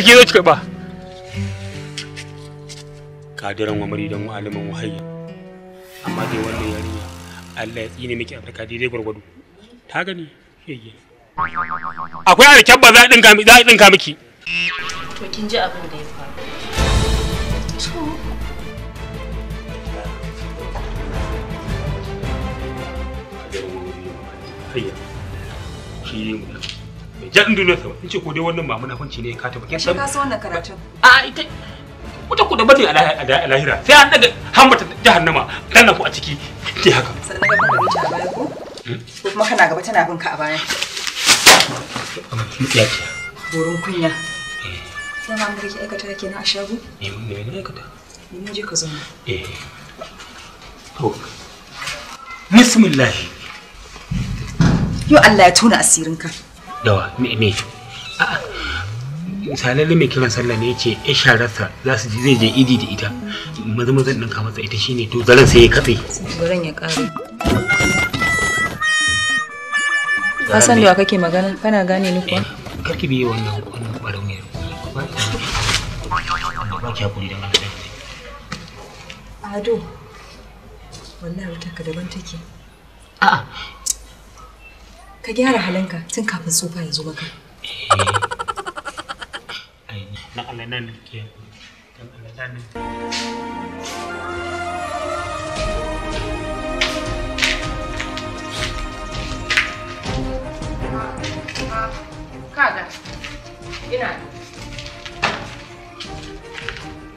da ke zo ki karba kadiran wa mari maridan malamin wahayya amma dai wannan yarinya Allah ya tsine miki a farka daidai gwargwado ta gani shege akwai alkyabba za a dinka za a dinka miki to kin ji abin da ya faru hayya shi ne Bai ja ɗin duniyarsa ba. Nace ko dai wannan ba munafunci ne ka taɓa. Yaushe ka so wannan karatun? A ita wata ku da bane a lahira sai an daga hambata jahannama ranar ku a ciki dai haka. Sannan ka kuma wuce a baya ko? Hmm? Ko kuma kana gaba tana bin ka a baya. Ya ce. Borin kunya. Dama eh. an garki aikata kenan a shago? Eh, me ne aikata? mun je ka zauna. Eh. To. Bismillah. Yo Allah ya tona ka. dawa me misalai mai kiran sallah ne ce ya shararsa za su zai je idi da ita maza maza ɗinka masa ita shine to zaren sai ya katse zaren ya ƙare ka da kake magana kana gane ni kuwa eh, karki biye wannan wannan ƙwarau ne ba ki hakuri da ado daban take a'a ka gyara halinka tun kafin sofa ya zo maka eh,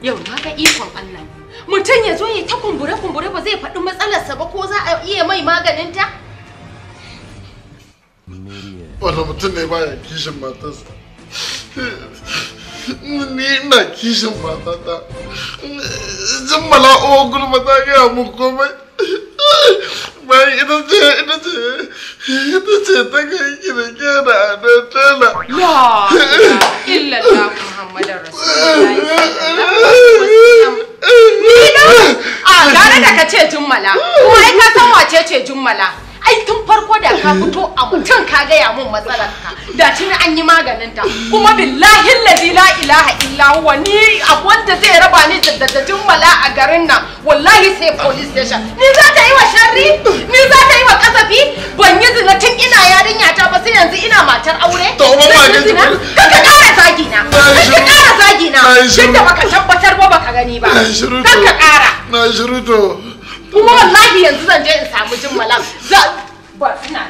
yau na ga ikon Allah mutum ya zo ya ta kumbure kumbure ba zai faɗi matsalarsa ba ko za a iya mai maganinta wanda mutum ne baya kishin matarsa ni ina kishin matata jimmala uwa gulma ta gaya mun komai bayan ita ce ita ce ita ce ta ga yi da ke da adon tela la illa la muhammadin rasulullahi a ah, gane da ka ce jummala kuma ai ka san wace ce jummala ai tun farko da ka fito a mutum ka gaya mun matsalar ka da tuni an yi maganin ta kuma billahi lazi la ilaha illa huwa ni abunda zai raba ni da dadajin mala a garin nan wallahi sai police station ni za ta yi wa sharri ni za ta yi wa kasafi ban yi zina tun ina yarinya ta ba sai yanzu ina matar aure to ba ma ga zina kaka kara zagi na kaka kara zagi na duk da baka tabbatar ba baka gani ba kaka kara na shiru to kuma wallahi yanzu zan je in samu jimmalan But ina.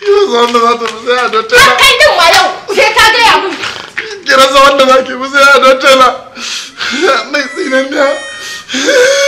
Kira za wanda za ta fi sai a Kai din ma yau sai ka gaya mun. Kira za fi sai a Mai tsinan da.